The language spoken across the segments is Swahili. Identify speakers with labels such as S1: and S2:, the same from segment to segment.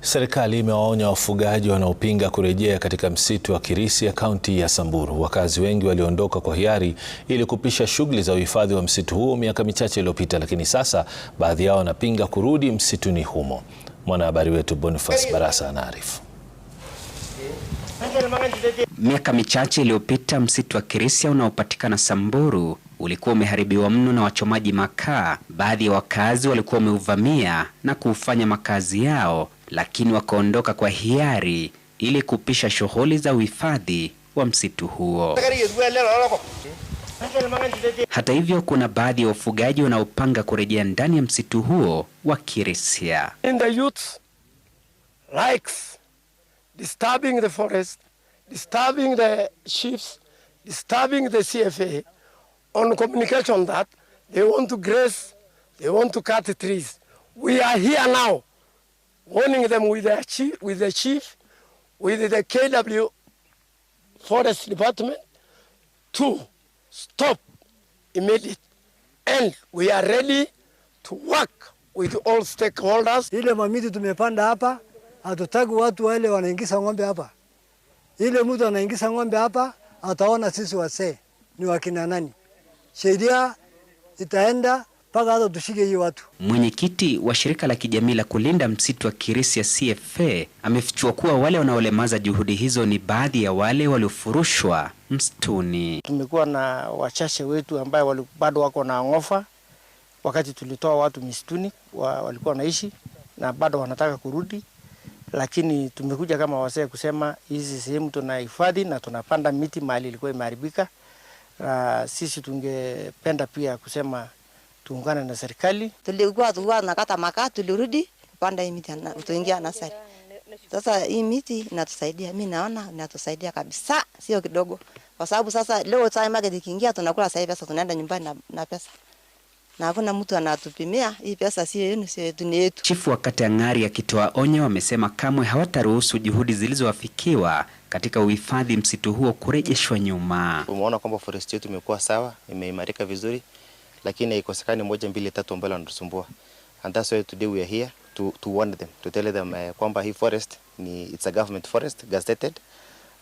S1: Serikali imewaonya wafugaji wanaopinga kurejea katika msitu wa Kirisia kaunti ya Samburu. Wakazi wengi waliondoka kwa hiari ili kupisha shughuli za uhifadhi wa msitu huo miaka michache iliyopita, lakini sasa baadhi yao wanapinga kurudi msituni humo. Mwanahabari wetu Boniface Barasa anaarifu. Miaka michache iliyopita, msitu wa Kirisia unaopatikana Samburu ulikuwa umeharibiwa mno na wachomaji makaa. Baadhi ya wakazi walikuwa wameuvamia na kuufanya makazi yao, lakini wakaondoka kwa hiari ili kupisha shughuli za
S2: uhifadhi wa msitu huo. Hata hivyo, kuna baadhi ya wafugaji wanaopanga kurejea ndani ya msitu huo wa disturbing the forest, disturbing the disturbing the CFA on communication that they want to graze, they want to cut the trees. We are here now warning them with the chief, with the, chief, with the KW
S3: Forest Department to stop immediately. And we are ready to work with all stakeholders. Ile mamiti tumepanda hapa, hatutaki watu wale
S1: wanaingiza ng'ombe hapa. Ile mtu anaingiza ng'ombe hapa, ataona sisi wasee ni wakina nani sheria itaenda mpaka hata tushike hii
S4: watu. Mwenyekiti wa shirika la kijamii la kulinda msitu wa Kirisia CFA amefichua kuwa wale wanaolemaza juhudi hizo ni baadhi ya wale waliofurushwa msituni. Tumekuwa na wachache wetu ambaye bado wako na ng'ofa. Wakati tulitoa watu msituni wa, walikuwa wanaishi na bado wanataka kurudi, lakini
S5: tumekuja kama wasee kusema hizi sehemu tunahifadhi na tunapanda miti mahali ilikuwa imeharibika na ah, sisi tungependa pia kusema tuungane na serikali. Tulikuwa tulikuwa nakata makaa, tulirudi kupanda hii miti tuingia nasari. Sasa hii miti inatusaidia, mimi naona
S1: inatusaidia kabisa, sio kidogo, kwa sababu sasa leo time market ikiingia tunakula sasa hivi, sasa tunaenda nyumbani na, na pesa na hakuna mtu
S6: anatupimia hii pesa, si yenu, si yetu ni yetu. Chifu wa kata ya Ng'ari akitoa onyo wamesema kamwe hawataruhusu juhudi zilizoafikiwa katika uhifadhi msitu huo kurejeshwa nyuma. Umeona kwamba forest yetu imekuwa sawa, imeimarika vizuri, lakini haikosekani moja mbili tatu ambalo wanatusumbua, and that's why today we are here to, to warn them to tell them uh, kwamba hii forest ni it's a government forest gazetted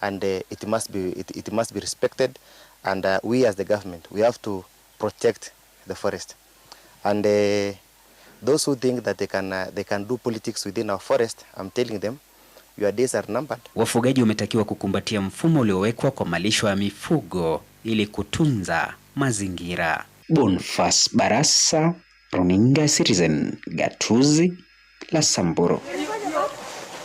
S6: and uh, it must be it, it must be respected and uh, we as the
S1: government we have to protect the forest. And uh, those who think that they can, uh, they can do politics within our forest, I'm telling them, your days are numbered. Wafugaji wametakiwa kukumbatia mfumo uliowekwa kwa malisho ya mifugo ili kutunza mazingira. Bonfas Barasa, Runinga Citizen, Gatuzi la Samburu.